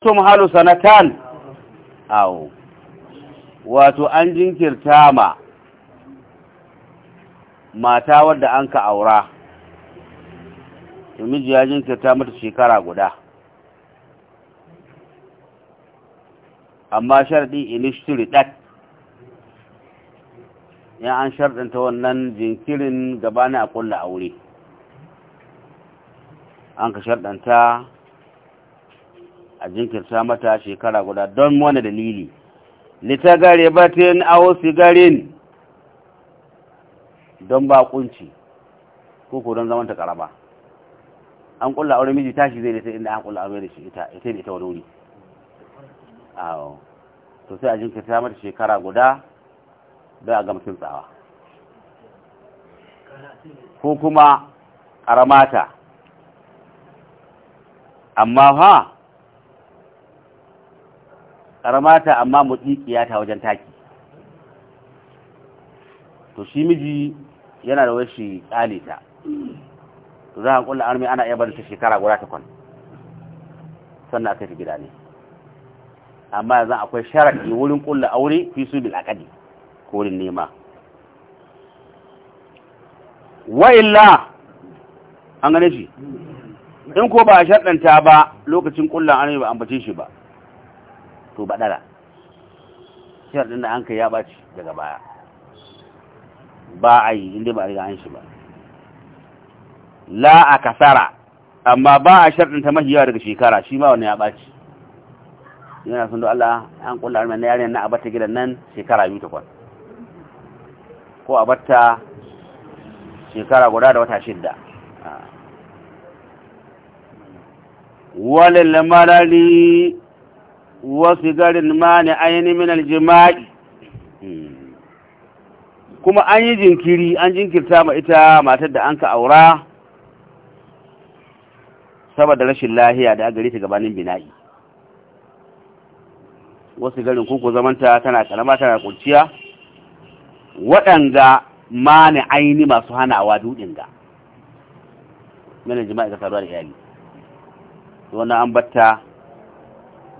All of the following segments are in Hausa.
halu sanatan aw wato an jinkirta ma mata wadda an ka aura miji ya jinkirta mata shekara guda amma sharadi inishtiri dat ya an sharɗanta wannan jinkirin gabanin a kulla aure an ka sharɗanta a jinkirta mata shekara guda don wani dalili litagare batin awo sigarin don bakunci ko ko don zamanta karama, an kulla aure miji tashi zai da sai inda an kulla aure da shi ita ita ne ta wani wuri awo to sai a jinkirta mata shekara guda don a gamsin tsawa ko kuma karamata amma ha karamata amma mutsikiya ta wajen taki to shi miji yana da wasu ƙale ta to za a ƙulla armi ana iya barin ta shekara guda takwan sannan aka ta gida ne amma yanzu akwai sharaɗi wurin ƙulla aure fi su bil akadi ko wurin nema wa illa an gane shi in ko ba a shaɗanta ba lokacin ƙulla armi ba ambace shi ba wato shiyar din da an kai ya ɓaci daga baya ba a yi inda ba a riga an shi ba la a kasara amma ba a sharaɗin ta mahiyawa daga shekara shi ma wani ya ɓaci yana sun Allah an kulla armen na yare na bata gidan nan shekara biyu takwas ko bata shekara guda da wata shidda ah. walil malali wasu garin mani aini minal jima'i kuma an yi jinkiri an jinkirta ma ita matar da an ka aura saboda rashin lahiya da gare ta gabanin bina'i wasu garin kuku zamanta tana karama tana kurciya waɗanda mani aini masu hanawa dudin ga mana jima'i ga saduwa da iyali wannan an batta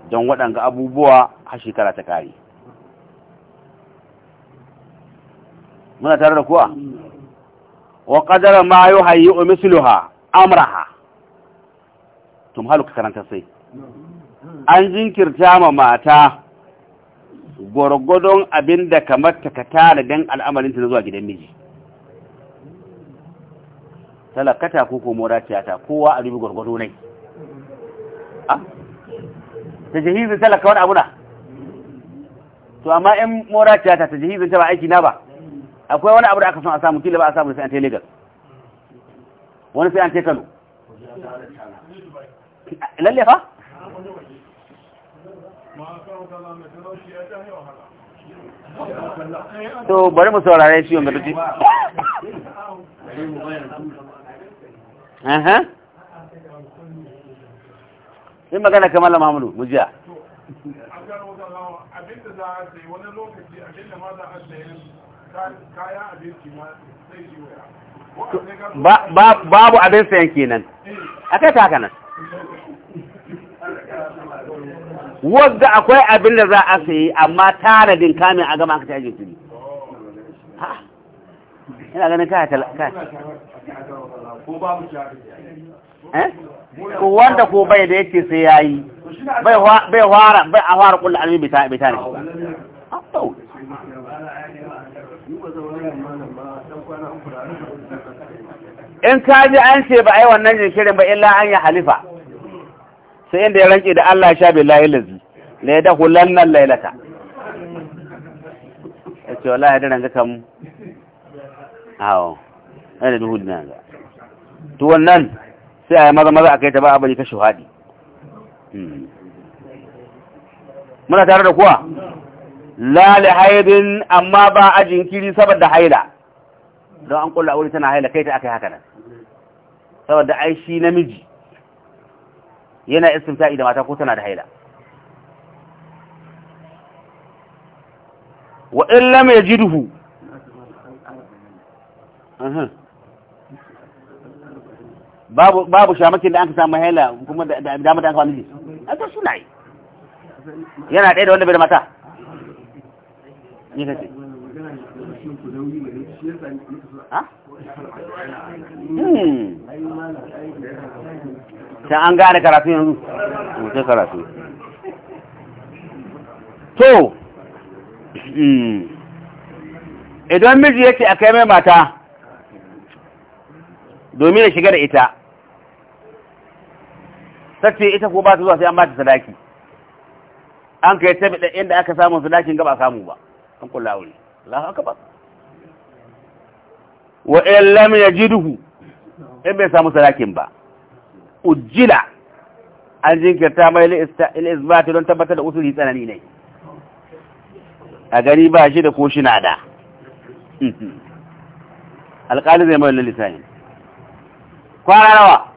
don waɗanga abubuwa a shekara ta kare muna tare da kuwa wa qadara ma o misluha amraha tum haluka karanta sai an jinkirta ma mata gwargwadon abin da kamar ta ka tara don al'amarinta na zuwa gidan miji talakata ko ko moratiya kowa a rubi gwargwado nai ah, ta jihizin talaka wani abuna to amma yan mora ta ta jihizin ta ba aiki na ba akwai wani abu da aka son a samu kila ba a samu sai an tele gal wani sai an tai lalle fa to bari mu saurare shi wanda duk in magana kamar mallam mu jiya a babu abin sayan kenan a kai ta hakanan wadda akwai abin da za a sayi amma tanadin kamin a gama aka ta ajin Ha! ina ganin kaya talaka ko babu ko wanda ko bai da yake sai yayi bai bai fara bai a fara kullu alimi bita bita ne in ka ji an ce ba ai wannan jinkirin ba illa an ya halifa sai inda ya ranke da Allah sha billahi lazi la yadahu lannan lailata yace wallahi da ranga kam awo da duhu dinan ga to wannan sai a yi maza maza a kai ta ba a bari kashe haɗi muna tare da kuwa lali haidin amma ba a jinkiri saboda haila don an kulla wuri tana haila kai ta aka yi haka nan saboda ai shi namiji yana istimta'i da mata ko tana da haila wa in lam babu babu shamakin da an ka samu haila kuma da dama da an kawo miji ta suna yi yana ɗaya da wanda bai da mata ni hmm. ta an gane karatu yanzu mutum karatu to hmm. idan miji yake a kai mai mata domin ya shiga da ita ta ita ko ba ta zuwa sai an ba ta sadaki an kai ta da inda aka samu sadakin gaba samu ba an kula wuri Allahu akbar wa in lam yajidhu in bai samu sadakin ba ujila an jinkirta mai il isbat don tabbatar da usuli tsanani ne a gani ba shi da ko shi na da alƙali zai mai lissani kwana nawa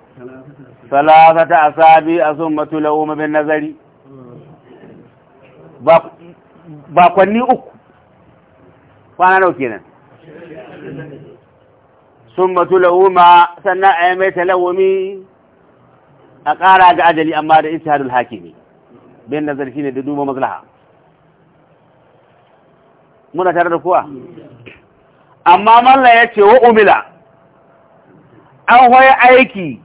ta asabi a sun matulau mabin nazari bakwanni uku kwana nau kenan sun matulau la'uma sannan a yi mai talawumi a ƙara ga ajali amma da haki ne. bin nazari shi ne da duba maslaha muna tare da kuwa amma malla ya ce wa umila an hoya aiki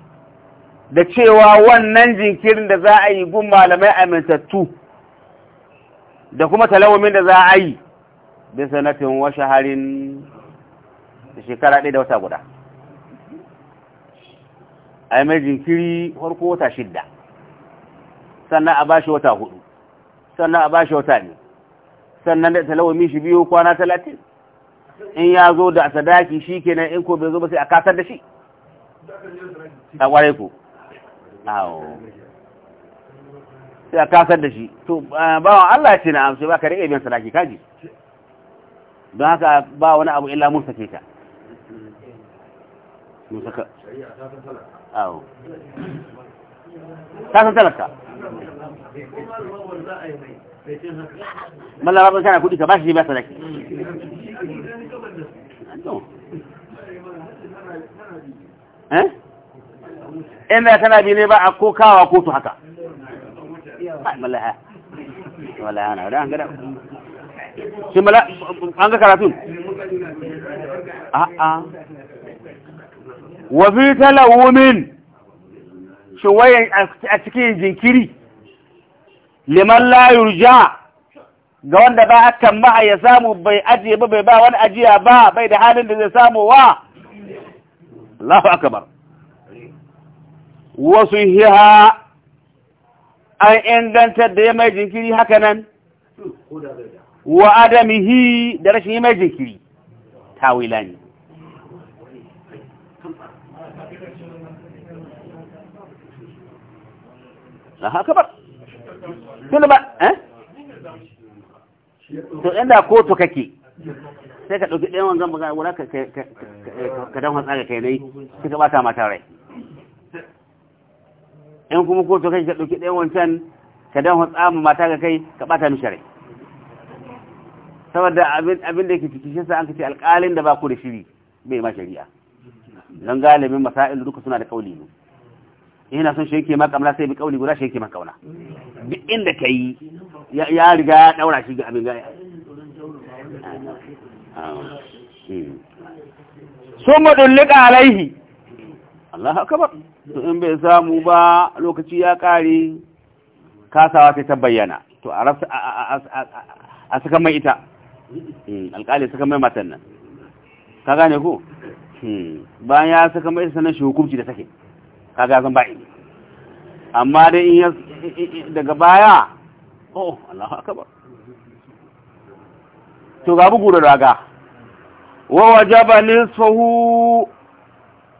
da cewa wannan jinkirin da za a yi gun malamai amintattu da kuma talawomin da za a yi bin sanatin washe harin da shekara ɗaya da wata guda a yi mai jinkiri farko wata shidda sannan a bashi wata hudu sannan a bashi wata ne sannan da talawomin shi biyu kwana talatin in ya zo da sadaki shi kenan in ko bai zo ba sai a kasar da shi a ƙware ku awo sai a kasar da shi to bawan Allah ce na amsa ba ka riƙe biyan sadaki kaji don haka ba wani abu illa mun sake ka mun saka awo ta san talaka mallar ba kana kudi ka ba shi ba sadaki إما كان بيني بع كوكا وكوت حكا آه، ما لها ولا أنا ولا أنا شو ملا أنا كراتون آه آه وفي تلوم شوية أتكين زنكري لمن لا يرجع قوان دا با اكم معا يسامو باي اجي با با وان اجي با باي دا حالين دا يسامو وا الله اكبر wasu hiha an ingantar da ya mai jinkiri haka nan wa adamihi da rashin yi mai jinkiri wila ne na haka ba tun ba eh to inda kotu kake sai ka ɗauki ɗayan wanzan buga wadda ka dan hatsari kai ne suka ba ta mata rai in kuma ko to kai ka ɗauki ɗayan wancan ka dan hutsa mu mata ga kai ka ɓata mishi share saboda abin da yake cikin shi sa an kace alƙalin da ba ku da shiri bai ma shari'a don galibin masail duka suna da kauli ne ina son shi yake ma kamar sai bi kauli guda shi yake ma kauna duk inda kai ya riga ya daura shi ga abin ga sun mudullika alaihi Allah ba to in bai samu ba lokaci ya kare kasawa ta bayyana to a saka mai ita hmm, alƙali saka mai matan nan ka gane ko hmm, bayan ya saka mai sanar shi hukumci da take ka ga zan ba'i amma dai in daga baya oh Allahu ba to ga bugu da raga wa wajaba nisfahu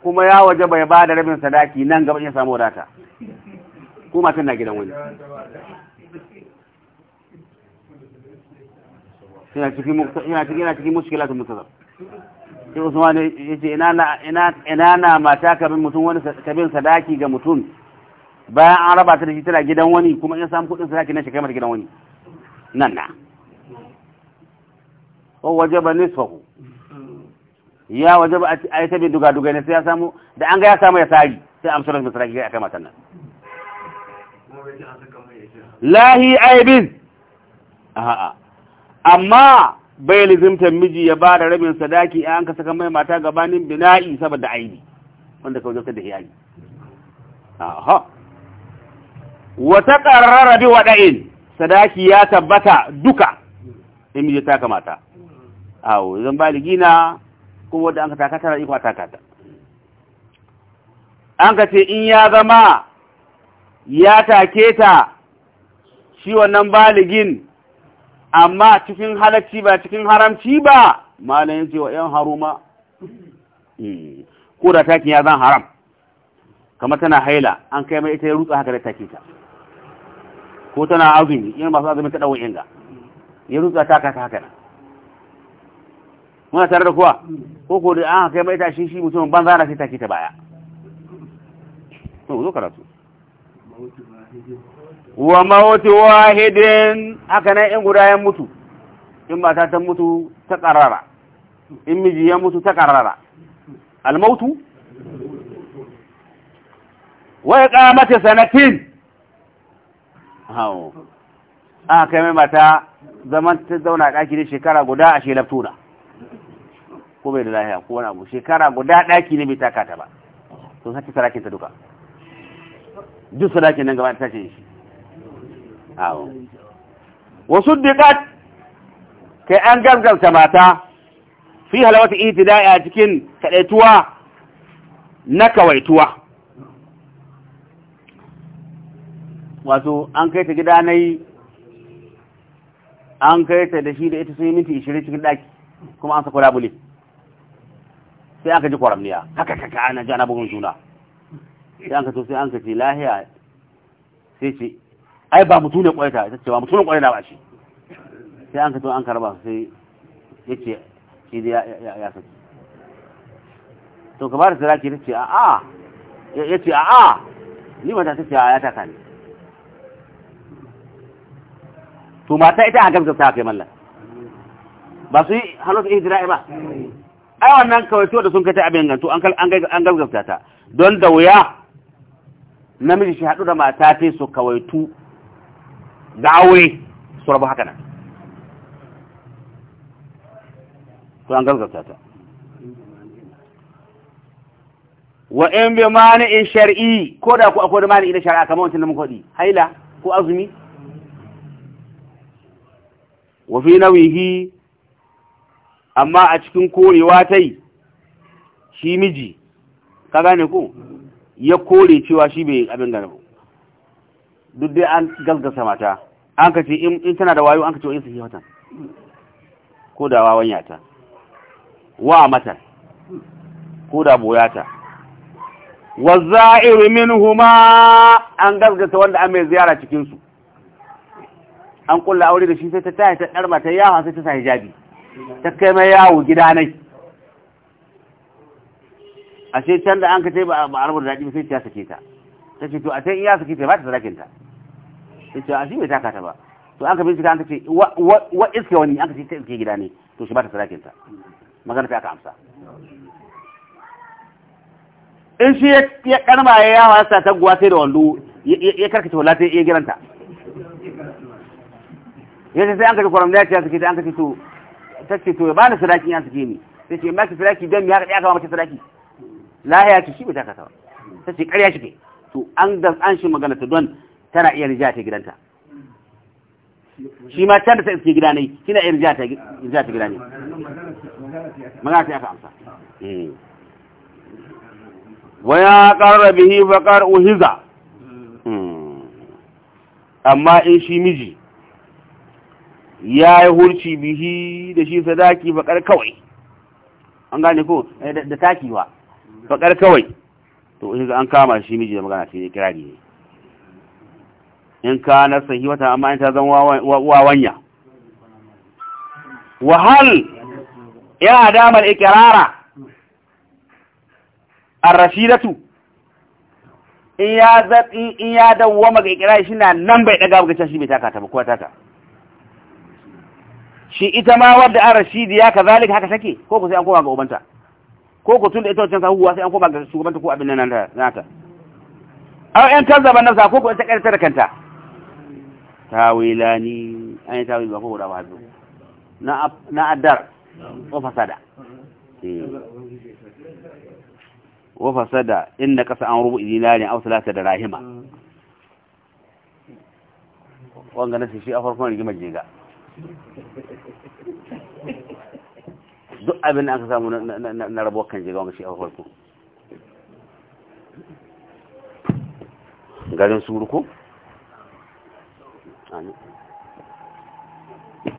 kuma ya waje bai ba da rabin sadaki nan gaba ya samu wadata ko matan na gidan wani yana cikin muskilatun mutazar sai usman ya ce ina na mata kabin mutum wani kabin sadaki ga mutum bayan an raba ta da shi tana gidan wani kuma in samu kudin sadaki na shekai mata gidan wani nan na waje ba nisfahu ya waje ba a yi sabi duga-duga ne sai ya samu da an ga ya samu ya sari sai amsar da sarki a kai matan nan lahi aibin amma bai lizimtar miji ya ba da rabin sadaki an ka saka mai mata gabanin bina'i saboda aibi wanda kawai zafi da iyali aha wata ƙararra rabi waɗa'in sadaki ya tabbata duka in miji ta kamata awo zan ba na kuma wadda an ka taka na iko a taka ta an ka ce in ya zama ya take ta shi wannan baligin amma cikin halacci ba cikin haramci ba malayin ce wa ‘yan haruma hmm, ko da takin ya zan haram kamar tana haila an kai mai ita ya rutsa haka da take ta ko tana azumi yin masu azumi ta ɗauwa inga ya rutsa ta haka haka muna tare da kuwa ko ko da an kai baita shi shi mutum banza zara sai take ta baya to zo karatu wa mawutu wahidin haka nan in guda ya mutu in mata ta mutu ta karara in miji ya mutu ta karara almautu wa iqamati sanatin hawo aka kai mai mata zaman ta zauna a ɗaki ne shekara guda a shelabtuna ko bai da lahiya ko wani abu shekara guda daki ne bai taka ta ba sun sake sarakin ta duka duk sarakin nan gaba ta ce shi awo wasu dikat kai an gamgamta mata fi halawata ihtida'i a cikin kadaituwa na kawaituwa wato an kai ta gida na yi an kai ta da shi da ita sun yi minti 20 cikin daki kuma an sako labule sai aka ji kwaramniya haka kaka ana ji ana bugun juna sai an ka to sai an ka ce lahiya sai ce ai ba mutu ne kwaita ita ce ba mutu ne kwaita ba shi sai an ka to an karba sai ya ce da ya saki to ka ba da sarki ta ce a'a ya ce a'a ni mata ta ce a ya ta kani to mata ita a gamsa ta kai mallan ba su yi halin ihdirai ba ai wannan kawai da sun kai ta abin gantu an gaggafta ta don da wuya namiji shi hadu da mata ta su kawaitu da aure su rabu haka nan to an gaggafta ta wa in bi in shar'i ko da ku akwai mani ina shari'a kamar wancan da muka faɗi haila ko azumi wa fi nawihi amma a cikin korewa ta yi shi miji ka gane ko ya kore cewa shi bai abin gane duk dai an gasgasa mata an ka ce in tana da wayo an ka ce wa'in sahi watan ko da wawan yata wa matar ko da boyata wa za'iru huma an gasgasa wanda an mai ziyara cikinsu an kulla aure da shi sai ta taya ta ɗarma ta yawa sai ta sa hijabi ta kai mai yawo gida nai ashe can da an ka ce ba a rabu da daɗi ba sai ta sake ta ta ce to a ta iya sake ta ba ta sadakin ta ta ce a shi bai taka ta ba to an ka bincika an ka ce wa iske wani an ka ce ta iske gida ne to shi ba ta sadakin ta magana ta aka amsa in shi ya karma ya yawa ya sa taguwa sai da wando ya karkace wala sai ya giranta ya ce sai an ka ce kwaram ya ce ya sake ta an ka ce to ta ce to ya bani sadaki ya suke ni sai ce maki sadaki don ya kaɗi aka ba mace sadaki lahiya ki shi bai ta kasa ta ce ƙarya shi ke to an da an shi magana ta don tana iya rija ta gidanta shi ma can da ta iske gida ne kina iya rija ta gida ne magana ta aka amsa hmm. waya ya bihi wa ƙarar uhiza hmm. amma in shi miji ya yi hurci bihi da shi sadaki bakar kawai an gane ko eh, da takiwa bakar kawai to shi an kama shi miji da magana shi ne kira ne in ka na sahi wata amma in ta zan wawanya wahal ya damar ikirara a rashidatu in ya dawwama ga ikirari shi na nan bai daga bugacin shi bai taka ta ba kuwa taka shi ita ma wadda an rashidiya ka zalika haka take ko ku sai an koma ga ubanta ko ku tun da ita wancan sahuwa sai an koma ga shugabanta ko abin nan nata aw yan kazzaba nafsa ko ku ita karta da kanta tawilani an tawil ba ko da wazo na na addar wa fasada eh. wa fasada inda kasa an rubu dinari aw salata da rahima wanga nasi shi a farkon rigimar jiga duk abin da aka samu na rabuwar kan jiga wani shi a farko garin suru ko?